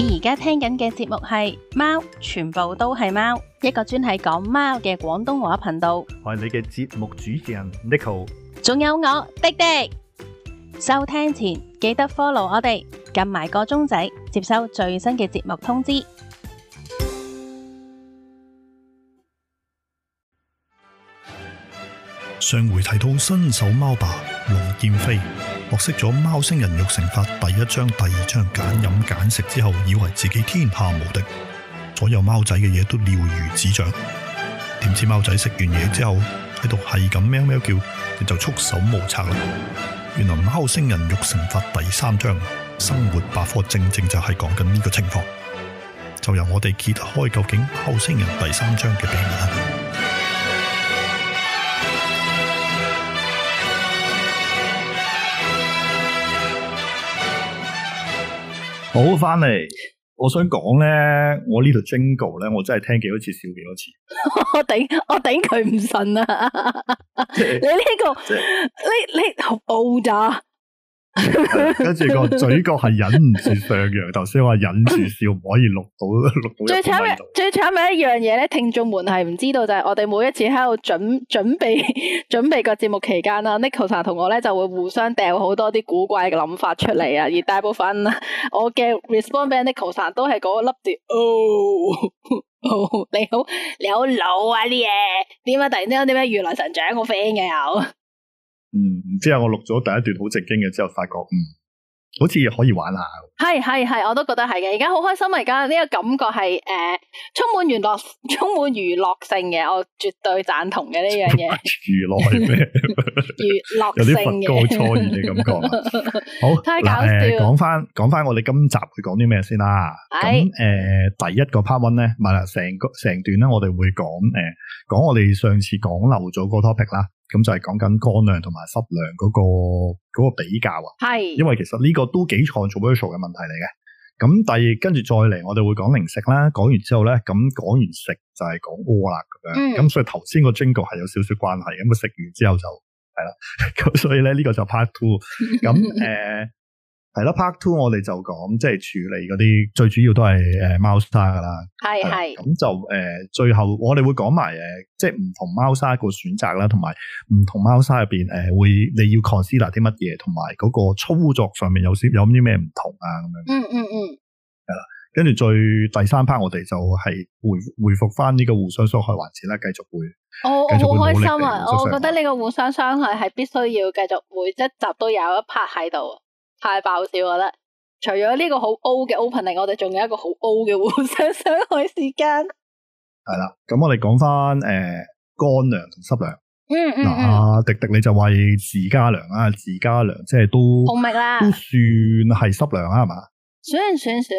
你而家聽緊嘅節目係《貓》，全部都係貓，一個專係講貓嘅廣東話頻道。我係你嘅節目主持人 Neko Ching，仲有我，廸廸。收聽前記得 follow 我哋，撳埋個鐘仔，接收最新嘅節目通知。上回提到新手貓爸龍劍飛。學識咗貓星人育成法第一章、第二章，揀飲揀食之後，以為自己天下無敵，所有貓仔嘅嘢都了如指掌。點知貓仔食完嘢之後，喺度係咁喵喵叫，就束手無策啦。原來貓星人育成法第三章生活百科正正就係講緊呢個情況。就由我哋揭開究竟貓星人第三章嘅秘密。好翻嚟，我想講咧，我呢度 Jingle 咧，我真係聽幾多次笑幾多次，我頂我頂佢唔順啊！你呢個你？你？好 old 啊跟住個嘴角係忍唔住上揚，頭先話忍住笑唔可以錄到，錄到最慘。最慘嘅最慘嘅一樣嘢咧，聽眾們係唔知道就係、是、我哋每一次喺度準準備準備個節目期間啦，Neko 同我咧就會互相掉好多啲古怪嘅諗法出嚟啊，而大部分我嘅 respond 俾 Neko 都係嗰粒字。哦，你好你好老啊啲嘢，點解、啊、突然之間點解如來神掌、啊、我 friend 嘅又？嗯，之後我錄咗第一段好正經嘅之後，發覺嗯，好似可以玩下。係係係，我都覺得係嘅。而家好開心啊！而家呢個感覺係誒、呃，充滿娛樂、充滿娛樂性嘅，我絕對贊同嘅呢樣嘢。娛樂咩？娛樂 有啲過高超然嘅感覺。好，嚟講翻講翻，呃、講講我哋今集會講啲咩先啦？咁誒是、呃，第一個 part one 咧，咪啦成個成段咧，講我哋會講誒，講我哋上次講漏咗個 topic 啦。咁就係講緊乾糧同埋濕糧嗰個、嗰個比較啊，係是，因為其實呢個都幾 controversial 嘅問題嚟嘅。咁第二，跟住再嚟，我哋會講零食啦。講完之後咧，咁講完食就係講屙啦咁樣。咁、嗯、所以頭先個 jingle 係有少少關係。咁佢食完之後就係啦。咁所以咧呢、呢個就 part two。咁誒。係咯，part two 我哋就講即係處理嗰啲最主要都係誒貓砂噶啦，係係咁就誒、呃、最後我哋會講埋誒即係唔同貓砂個選擇啦，同埋唔同貓砂入邊誒會你要 consider 啲乜嘢，同埋嗰個操作上面有少有啲咩唔同啊咁樣。嗯嗯嗯，係啦，跟住最第三 part 我哋就係回回復翻呢個互相傷害環節啦，繼續會。續會我我好開心啊！我覺得呢個互相傷害係必須要繼續每一集都有一 part 喺度。太爆笑我覺得，除咗呢個好 O 嘅 opening，我哋仲有一個好 O 嘅互相傷害時間。係啦，咁我哋講翻誒，乾糧同濕糧。嗯，嗱、啊，迪迪你就喂自家糧啊，自家糧即係都啦，都算係濕糧啊，係嘛？算算算。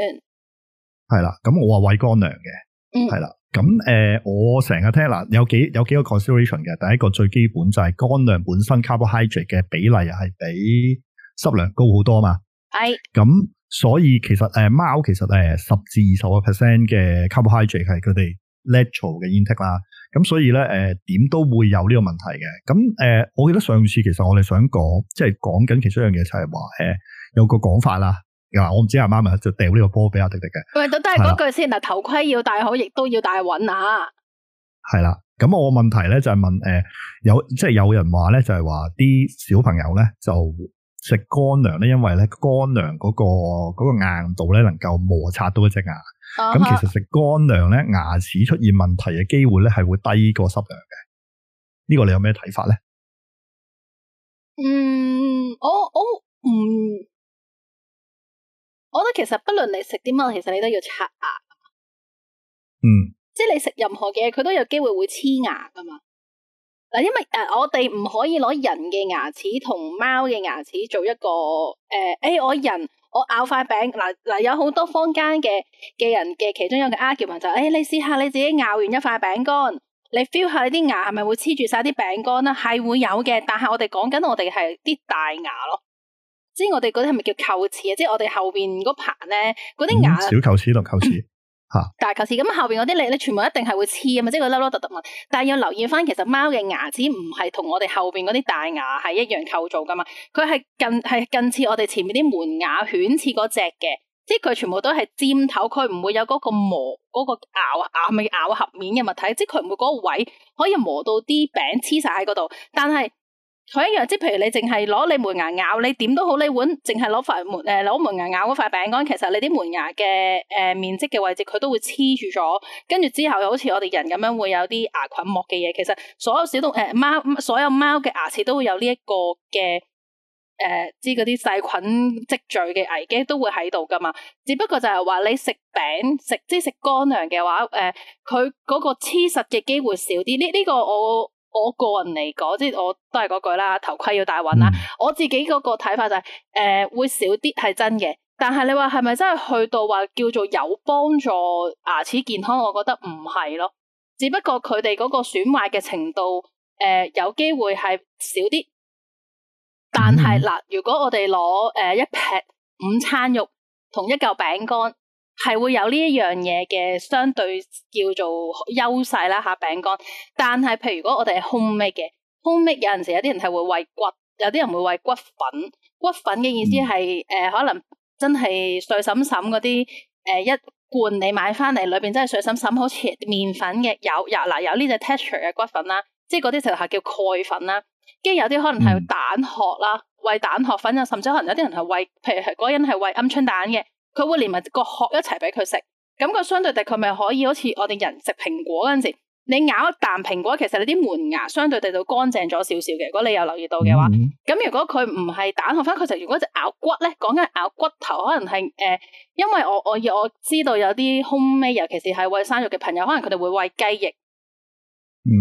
係啦，咁我話喂乾糧嘅，係啦、嗯。咁誒、呃，我成日聽嗱，有幾有幾個 consideration 嘅。第一個最基本就係乾糧本身 carbohydrate 嘅比例又係比。濕糧高好多嘛？係咁、哎，所以其實誒貓、呃、其實誒十至二十個 percent 嘅 carbohydrate 係佢哋 natural 嘅 intake 啦。咁所以咧誒點都會有呢個問題嘅。咁誒、呃、我記得上次其實我哋想講即係講緊其中一樣嘢就係話誒有個講法啦。嗱，媽媽我唔知阿媽咪就掉呢個波俾阿廸廸嘅。喂，都都係嗰句先嗱，啦頭盔要戴好，亦都要戴穩啊。係啦，咁我問題咧就係問誒、呃、有即係有人話咧就係話啲小朋友咧就，食乾糧咧，因為咧乾糧嗰個個硬度咧，能夠摩擦到一隻牙。咁、oh、其實食乾糧咧，牙齒出現問題嘅機會咧，係會低過濕糧嘅。呢、這個你有咩睇法？咧？嗯，我我唔、嗯，我覺得其實不論你食啲乜，其實你都要刷牙。嗯。即係你食任何嘅嘢，佢都有機會會黐牙㗎嘛。因為誒，我哋唔可以攞人嘅牙齒同貓嘅牙齒做一個誒，誒、呃哎，我人我咬塊餅，嗱、呃、嗱、呃，有好多坊間嘅嘅人嘅其中一個 argument 就誒、是哎，你試下你自己咬完一塊餅乾，你 feel 下你啲牙係咪會黐住晒啲餅乾咧？係會有嘅，但係我哋講緊我哋係啲大牙咯，即係我哋嗰啲係咪叫臼齒啊？即係我哋後邊嗰排咧，嗰啲牙、嗯、小臼齒同臼齒。 啊、但係求是咁，後邊嗰啲脷你全部一定係會黐啊嘛，即係佢粒粒突突嘅。但係要留意翻，其實貓嘅牙齒唔係同我哋後邊嗰啲大牙係一樣構造噶嘛，佢係近係近似我哋前面啲門牙犬似嗰隻嘅，即係佢全部都係尖頭，佢唔會有嗰個磨、嗰個咬咬咪咬，咬合面嘅物體，即係佢唔會嗰個位可以磨到啲餅黐晒喺嗰度，但係。佢一樣，即譬如你淨係攞你門牙咬，你點都好，你碗淨係攞塊門誒攞門牙咬嗰塊餅乾，其實你啲門牙嘅誒、呃、面積嘅位置，佢都會黐住咗。跟住之後，又好似我哋人咁樣，會有啲牙菌膜嘅嘢。其實所有小動物誒貓、呃，所有貓嘅牙齒都會有呢一個嘅誒，之嗰啲細菌積聚嘅危機都會喺度噶嘛。只不過就係話你食餅食即係食乾糧嘅話，誒佢嗰個黐實嘅機會少啲。呢、這、呢個我。我個人嚟講，即係我都係嗰句啦，頭盔要戴穩啦。嗯、我自己嗰個睇法就係、是，誒、呃、會少啲係真嘅，但係你話係咪真係去到話叫做有幫助牙齒健康？我覺得唔係咯，只不過佢哋嗰個損壞嘅程度，誒、呃、有機會係少啲。但係嗱、嗯呃，如果我哋攞誒一劈午餐肉同一嚿餅乾。係會有呢一樣嘢嘅相對叫做優勢啦嚇餅乾，但係譬如如果我哋係 home make 嘅 home make 有陣時有啲人係會喂骨，有啲人會喂骨粉。骨粉嘅意思係誒、呃、可能真係碎沈沈嗰啲誒一罐你買翻嚟裏邊真係碎沈沈，好似麵粉嘅有有嗱有呢隻 texture 嘅骨粉啦，即係嗰啲就係叫鈣粉啦。跟住有啲可能係蛋殼啦，喂蛋殼粉啊，甚至可能有啲人係喂，譬如係嗰人係喂鵪鶉蛋嘅。佢會連埋個殼一齊俾佢食，咁佢相對地佢咪可以好似我哋人食蘋果嗰陣時，你咬一啖蘋果，其實你啲門牙相對地就乾淨咗少少嘅。如果你有留意到嘅話，咁、嗯、如果佢唔係蛋殼，翻佢就如果只咬骨咧，講緊咬骨頭，可能係誒、呃，因為我我我知道有啲 home made，尤其是係喂生肉嘅朋友，可能佢哋會喂雞翼，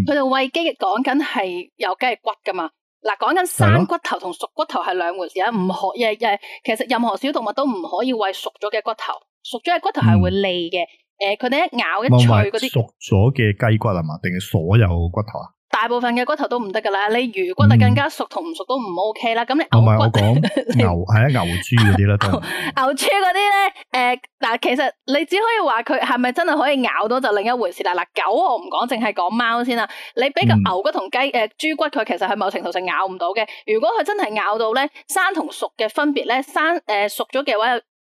佢哋喂雞翼講緊係有雞骨噶嘛。嗱，講緊生骨頭同熟骨頭係兩回事啊！唔可，亦亦其實任何小動物都唔可以喂熟咗嘅骨頭，熟咗嘅骨頭係會利嘅。誒、嗯呃，佢哋一咬一脆嗰啲、啊、熟咗嘅雞骨係嘛？定係所有骨頭啊？大部分嘅骨頭都唔得㗎啦，你魚骨就更加熟同唔熟都唔 OK 啦。咁、嗯、你同埋我講牛係啊牛豬嗰啲啦，牛豬嗰啲咧誒，嗱，其實你只可以話佢係咪真係可以咬到就另一回事啦。嗱，狗我唔講，淨係講貓先啦。你俾個牛骨同雞誒豬骨，佢其實係某程度上咬唔到嘅。如果佢真係咬到咧，生同熟嘅分別咧，生誒、呃、熟咗嘅話，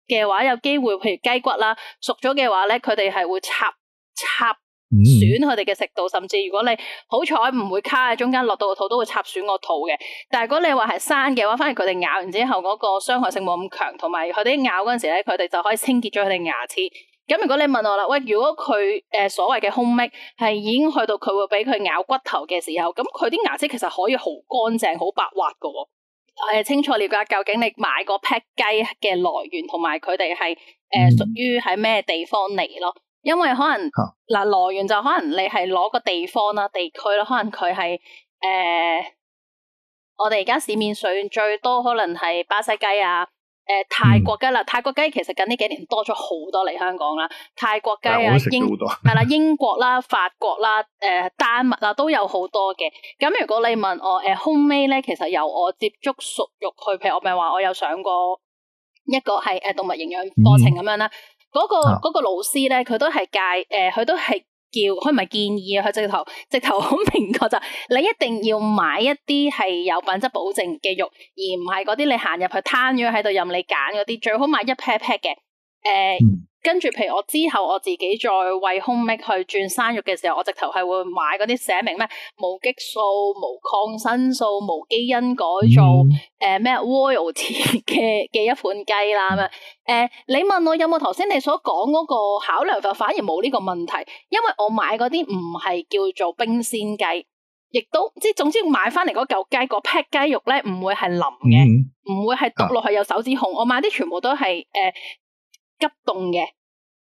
嘅話有機會，譬如雞骨啦，熟咗嘅話咧，佢哋係會插插。損佢哋嘅食道，甚至如果你好彩唔會卡喺中間，落到個肚都會插損個肚嘅。但係如果你話係生嘅話，反而佢哋咬完之後嗰、嗰個傷害性冇咁強，同埋佢哋咬嗰陣時咧，佢哋就可以清潔咗佢哋牙齒。咁如果你問我啦，喂，如果佢誒、呃、所謂嘅空隙係已經去到佢會俾佢咬骨頭嘅時候，咁佢啲牙齒其實可以好乾淨、好白滑噶、哦。誒、呃，清楚了解究竟你買個劈 e 雞嘅來源同埋佢哋係誒屬於喺咩地方嚟咯？嗯因為可能嗱來源就可能你係攞個地方啦、地區啦，可能佢係誒，我哋而家市面上最多可能係巴西雞啊，誒泰國雞啦，泰國雞其實近呢幾年多咗好多嚟香港啦，泰國雞啊、嗯、多英係啦英國啦法國啦誒、呃、丹麥啦都有好多嘅。咁如果你問我誒後尾咧，其實由我接觸熟肉去譬如我咪話我有上過一個係誒動物營養課程咁樣啦。嗯嗰、嗰個、嗰個老師咧，佢都係介，誒、呃，佢都係叫，佢唔係建議啊，佢直頭直頭好明確就，你一定要買一啲係有品質保證嘅肉，而唔係嗰啲你行入去攤咗喺度任你揀嗰啲，最好買一 pack 一 pack 嘅，誒、呃。嗯跟住，譬如我之後我自己再喂胸 o 去轉生肉嘅時候，我直頭係會買嗰啲寫明咩無激素、無抗生素、無基因改造，誒咩、嗯呃、royalty 嘅嘅一款雞啦咁啊。誒、呃，你問我有冇頭先你所講嗰個考量，就反而冇呢個問題，因為我買嗰啲唔係叫做冰鮮雞，亦都即係總之買翻嚟嗰嚿雞個 p a 雞肉咧，唔會係淋嘅，唔、嗯、會係剁落去有手指紅。嗯、我買啲全部都係誒。呃急凍嘅，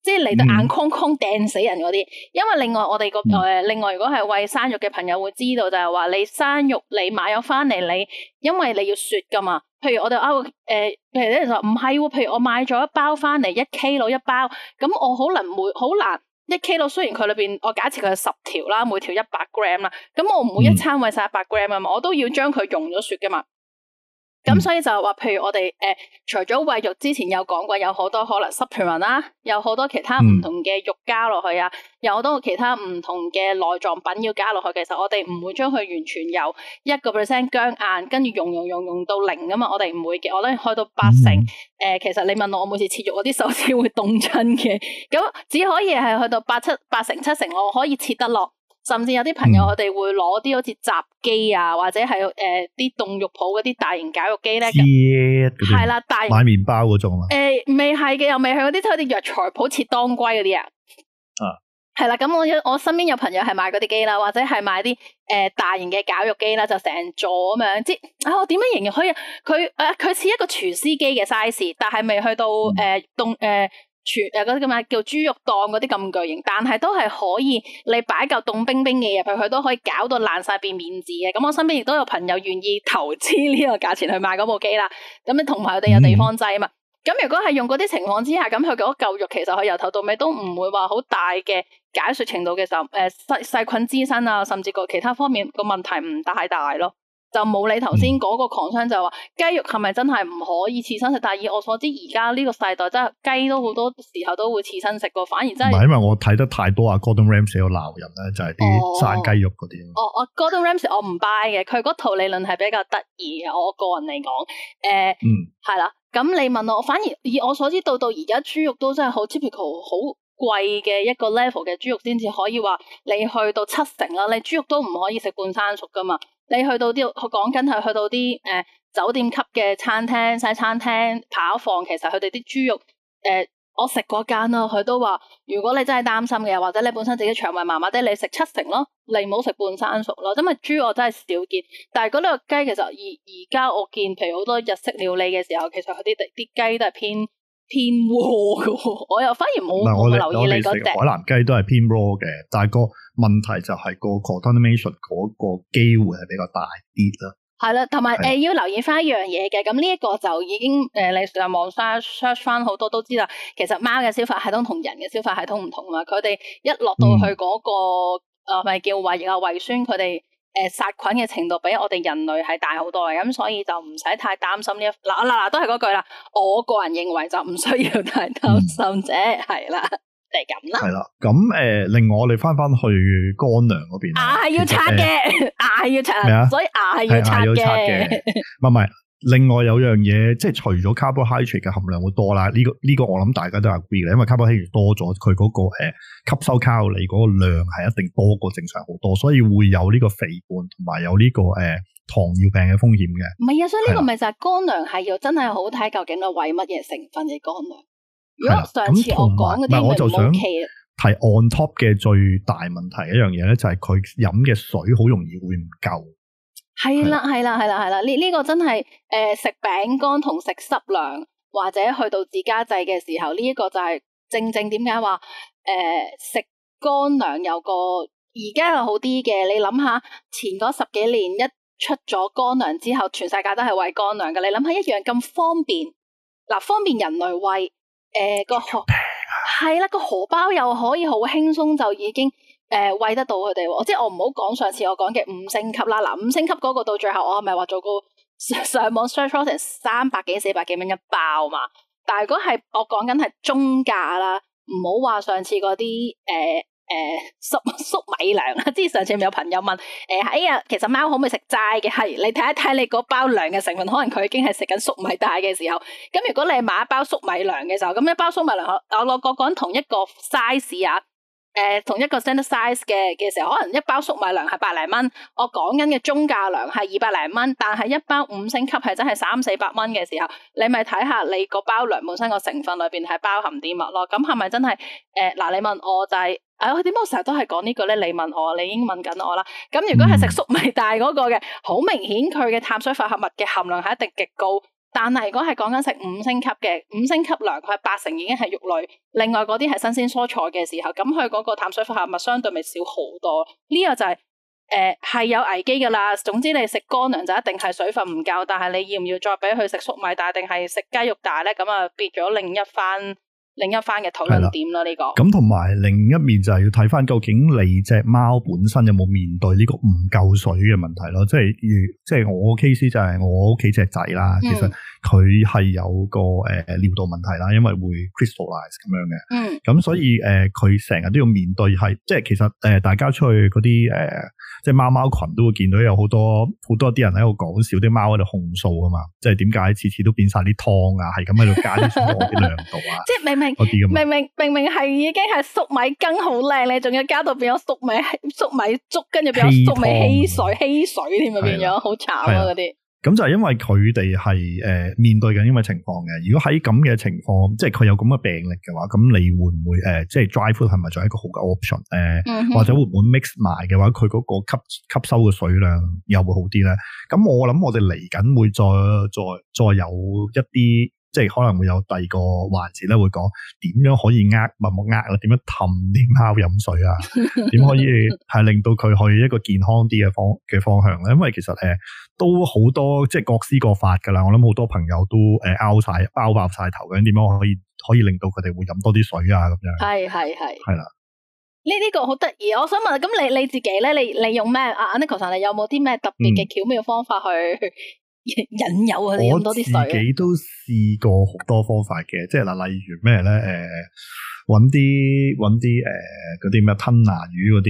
即係嚟到眼框框掟死人嗰啲。因為另外我哋個誒，嗯、另外如果係喂生肉嘅朋友會知道，就係話你生肉你買咗翻嚟，你因為你要雪噶嘛。譬如我哋啊，誒、呃，譬如咧就唔係喎。譬如我買咗一包翻嚟一 K 佬一包，咁我可能每好難一 K 佬。雖然佢裏邊我假設佢係十條啦，每條一百 gram 啦，咁我唔會一餐喂晒一百 gram 啊嘛，我都要將佢融咗雪噶嘛。咁、嗯、所以就係話，譬如我哋誒、呃，除咗餵肉之前有講過，有好多可能 supplement 啦，有好多其他唔同嘅肉加落去啊，有好多其他唔同嘅內臟品要加落去。其實我哋唔會將佢完全由一個 percent 僵硬，跟住融融融融到零啊嘛。我哋唔會嘅，我咧開到八成。誒、嗯呃，其實你問我，我每次切肉嗰啲手指會凍親嘅。咁只可以係去到八七八成七成，我可以切得落。甚至有啲朋友，我哋會攞啲好似雜機啊，或者係誒啲凍肉鋪嗰啲大型絞肉機咧，係 Yeah, 啦，大型買麵包嗰種嘛。未係嘅，又未去嗰啲抽啲藥材鋪切當歸嗰啲啊。啊，係啦，咁我我身邊有朋友係買嗰啲機啦，或者係買啲誒、呃、大型嘅絞肉機啦，就成咗咁樣。即係啊，點樣形容可以佢誒佢似一個廚師機嘅 size，但係未去到誒凍誒。嗯誒啲咁啊叫豬肉檔嗰啲咁巨型，但係都係可以你擺嚿凍冰冰嘅入去，佢都可以搞到爛晒變面子嘅。咁我身邊亦都有朋友願意投資呢個價錢去買嗰部機啦。咁你同埋我哋有地方制啊嘛。咁、嗯、如果係用嗰啲情況之下，咁佢嗰嚿肉其實佢由頭到尾都唔會話好大嘅解說程度嘅時候，誒細細菌滋生啊，甚至個其他方面個問題唔太大咯。就冇你頭先嗰個狂商、嗯、就話雞肉係咪真係唔可以刺身食？但係以我所知，而家呢個世代真係雞都好多時候都會刺身食個，反而真係唔係因為我睇得太多啊，Gordon Ramsay 寫有鬧人咧，就係、是、啲生雞肉嗰啲、哦。哦，哦我 Gordon Ramsay 我唔 buy 嘅，佢嗰套理論係比較得意嘅。我個人嚟講，誒、呃，嗯，係啦。咁你問我，反而以我所知，到到而家豬肉都真係好 typical，好貴嘅一個 level 嘅豬肉先至可以話你去到七成啦。你豬肉都唔可以食半生熟噶嘛。你去到啲，我講緊係去到啲誒、呃、酒店級嘅餐廳、西餐廳、扒房，其實佢哋啲豬肉誒、呃，我食過間啦，佢都話，如果你真係擔心嘅，或者你本身自己腸胃麻麻哋，你食七成咯，你唔好食半生熟咯。因為豬我真係少見，但係嗰度雞其實而而家我見，譬如好多日式料理嘅時候，其實佢啲啲雞都係偏偏 raw 嘅我又反而冇唔係我留意我我你食海南雞都係偏 raw 嘅，但係個。問題就係個 contamination 個機會係比較大啲啦，係啦，同埋誒要留意翻一樣嘢嘅，咁呢一個就已經誒，你上網 search 翻好多都知啦。其實貓嘅消化系統同人嘅消化系統唔同啦，佢哋一落到去嗰個誒，咪叫胃液啊、胃酸，佢哋誒殺菌嘅程度比我哋人類係大好多嘅，咁所以就唔使太擔心呢一，嗱嗱嗱，都係嗰句啦。我個人認為就唔需要太擔心啫，係啦。係咁啦，係啦，啊，咁誒，另外我哋翻翻去乾糧嗰邊，牙係要刷嘅，牙，啊、係要刷，所以牙，啊、係要刷嘅，啊。唔係，啊， 另外有樣嘢，即係除咗 carbohydrate 嘅含量會多啦，呢、這個呢、這個我諗大家都係 agree 嘅，因為 carbohydrate 多咗，佢嗰個誒吸收卡路里嗰個量係一定多過正常好多，所以會有呢個肥胖同埋有呢、這個誒、呃、糖尿病嘅風險嘅。唔係啊，所以呢個咪就係乾的乾糧係要真係好睇，究竟係餵乜嘢成分嘅乾糧。如果上次我講嘅我就想提 on top 嘅最大問題一樣嘢咧，就係佢飲嘅水好容易會唔夠。係啦，係啦，係啦，係啦，呢呢個真係誒食餅乾同食濕糧，或者去到自家製嘅時候，呢一個就係正正點解話誒食乾糧有個而家又好啲嘅。你諗下前嗰十幾年一出咗乾糧之後，全世界都係餵乾糧嘅。你諗下一樣咁方便，嗱方便人類餵。誒個荷係啦，個荷、呃啊、包又可以好輕鬆就已經誒餵、呃、得到佢哋喎，即係我唔好講上次我講嘅五星級啦，嗱、呃、五星級嗰個到最後我係咪話做個上網 search 成三百幾四百幾蚊一包嘛？但係如果係我講緊係中價啦，唔好話上次嗰啲誒。呃誒，粟粟、呃、米糧啦，之前上次有朋友問，哎呀，其實貓可唔可以食齋嘅？係，你睇一睇你嗰包糧嘅成分，可能佢已經係食緊粟米大嘅時候。咁如果你係買一包粟米糧嘅時候，咁一包粟米糧我我講講同一個 size 啊，誒、呃，同一個 standard size 嘅嘅時候，可能一包粟米糧係百零蚊，我講緊嘅中價糧係二百零蚊，但係一包五星級係真係三四百蚊嘅時候，你咪睇下你個包糧本身個成分裏邊係包含啲乜咯？咁係咪真係？誒，嗱，你問我就係、是。誒，點解、哎、我成日都係講呢句咧？你問我，你已經問緊我啦。咁如果係食粟米大嗰個嘅，好明顯佢嘅碳水化合物嘅含量係一定極高。但係如果係講緊食五星級嘅五星級糧，佢係八成已經係肉類，另外嗰啲係新鮮蔬菜嘅時候，咁佢嗰個碳水化合物相對咪少好多。呢、這個就係誒係有危機㗎啦。總之你食乾糧就一定係水分唔夠，但係你要唔要再俾佢食粟米大，定係食雞肉大咧？咁啊，變咗另一番。另一番嘅討論點咯，呢個咁同埋另一面就係要睇翻究竟你隻貓本身有冇面對呢個唔夠水嘅問題咯，即係即係我 case 就係我屋企隻仔啦，嗯、其實佢係有個誒、呃、尿道問題啦，因為會 crystallize 咁樣嘅，咁所以誒佢成日都要面對係，即係其實誒、呃、大家出去嗰啲誒。呃即係貓貓群都會見到有好多好多啲人喺度講笑，啲貓喺度控訴啊嘛！即係點解次次都變晒啲湯啊？係咁喺度加啲湯啲量度啊！ 即係明明明明明明係已經係粟米羹好靚，你仲要加到變咗粟米粟米粥，跟住變咗粟米稀水，的水稀水添啊！變咗好慘啊嗰啲。咁就係因為佢哋係誒面對緊呢個情況嘅。如果喺咁嘅情況，即係佢有咁嘅病歷嘅話，咁你會唔會誒、呃，即係 dry food 係咪仲係一個好嘅 option 誒、呃？Mm hmm. 或者會唔會 mix 埋嘅話，佢嗰個吸吸收嘅水量又會好啲咧？咁我諗我哋嚟緊會再再再有一啲。即係可能會有第二個環節咧，會講點樣可以壓默默壓啦，點樣氹啲貓飲水啊？點可以係令到佢去一個健康啲嘅方嘅方向咧？因為其實誒都好多即係各施各法噶啦。我諗好多朋友都誒拗晒拗爆晒頭嘅，點樣可以可以令到佢哋會飲多啲水啊？咁樣係係係係啦。呢呢的個好得意。我想問，咁你你自己咧，你你用咩啊？Neko Ching 你有冇啲咩特別嘅巧妙方法去、嗯？引誘啊！飲多啲水。 我自己都試過好多方法嘅，即係嗱，例如咩咧？誒、呃，搵啲搵啲誒，啲咩、呃、吞拿魚嗰啲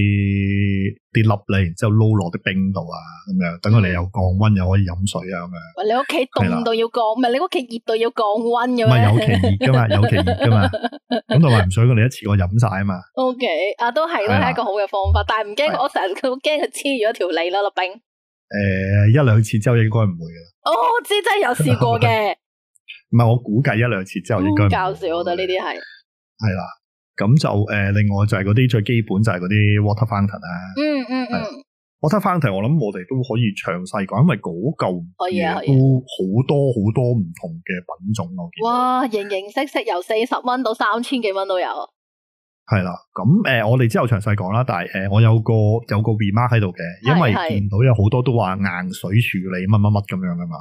啲粒嚟，然之後撈落啲冰度啊，咁樣等佢哋又降溫又可以飲水啊咁、嗯、樣。喂，你屋企凍到要降，唔係你屋企熱到要降溫咁嘛？唔係有其熱噶嘛，有其熱噶嘛，咁就唔想佢哋一次過飲晒啊嘛。O、okay, K，啊，都係都係一個好嘅方法，啦但係唔驚我成日都驚佢黐住一條脷咯，粒冰。誒、呃，一兩次之後應該唔會噶啦、哦。我知真係有試過嘅。唔係， 我估計一兩次之後應該。好搞笑我覺得呢啲係。係啦，咁就誒，另外就係嗰啲最基本就係嗰啲 water fountain 啊、嗯。嗯嗯嗯。water fountain，我諗我哋都可以詳細講，因為嗰嚿嘢都好多好多唔同嘅品種。我見，哇，形形色色，由四十蚊到三千幾蚊都有。係啦，咁誒、呃，我哋之後詳細講啦。但係誒、呃，我有個有個 remark 喺度嘅，因為見到有好多都話硬水處理乜乜乜咁樣噶嘛。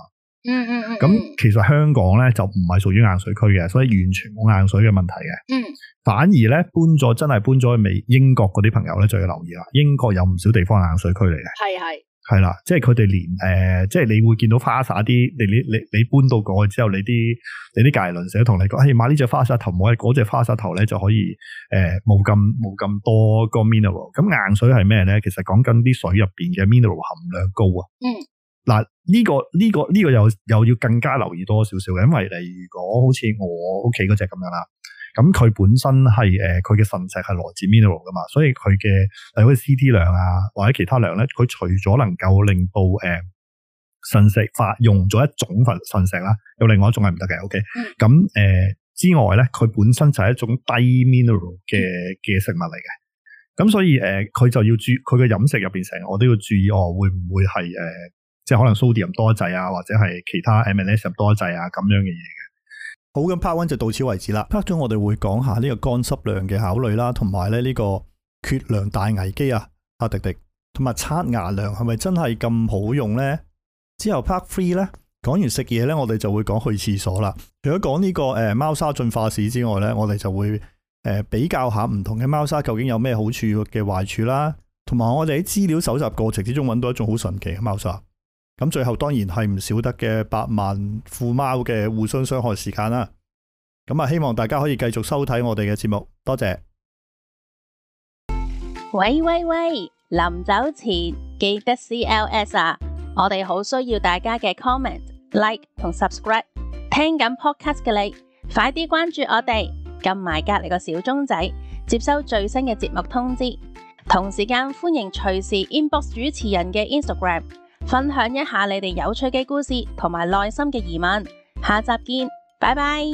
嗯嗯嗯。咁其實香港咧就唔係屬於硬水區嘅，所以完全冇硬水嘅問題嘅。嗯。反而咧搬咗真係搬咗去美英國嗰啲朋友咧就要留意啦。英國有唔少地方係硬水區嚟嘅。係係。係啦，即係佢哋連誒、呃，即係你會見到花灑啲，你你你你搬到過去之後，你啲你啲隔籬鄰舍同你講，誒、哎、買呢隻花灑頭冇，誒嗰隻花灑頭咧就可以誒冇咁冇咁多個 mineral。咁硬水係咩咧？其實講緊啲水入邊嘅 mineral 含量高、嗯、啊。嗯、這個。嗱、這、呢個呢個呢個又又要更加留意多少少嘅，因為你如果好似我屋企嗰隻咁樣啦。咁佢本身係誒佢嘅腎石係來自 mineral 㗎嘛，所以佢嘅例如好似 C T 糧啊，或者其他糧咧，佢除咗能夠令到誒腎、呃、石發用咗一種份腎石啦，有另外一種係唔得嘅。O K，咁誒之外咧，佢本身就係一種低 mineral 嘅嘅、嗯、食物嚟嘅。咁、嗯、所以誒，佢、呃、就要注佢嘅飲食入邊成日我都要注意，哦，會唔會係誒、呃，即係可能 sodium 多滯啊，或者係其他 m n t 多滯啊咁樣嘅嘢。好，咁 Part One 就到此為止啦。Part 中我哋會講下呢個乾濕糧嘅考慮啦，同埋咧呢個缺糧大危機啊滴滴，阿迪迪，同埋刷牙糧係咪真係咁好用咧？之後 Part Three 咧講完食嘢咧，我哋就會講去廁所啦。除咗講呢個誒貓砂進化史之外咧，我哋就會誒比較下唔同嘅貓砂究竟有咩好處嘅壞處啦，同埋我哋喺資料搜集過程之中揾到一種好神奇嘅貓砂。咁最後當然係唔少得嘅百萬富貓嘅互相傷害時間啦。咁啊，希望大家可以繼續收睇我哋嘅節目，多謝。喂喂喂，臨走前記得 CLS 啊！我哋好需要大家嘅 comment、like 同 subscribe。聽緊 podcast 嘅你，快啲關注我哋，撳埋隔籬個小鐘仔，接收最新嘅節目通知。同時間，歡迎隨時 inbox 主持人嘅 Instagram。分享一下你哋有趣嘅故事同埋耐心嘅疑問，下集見，拜拜。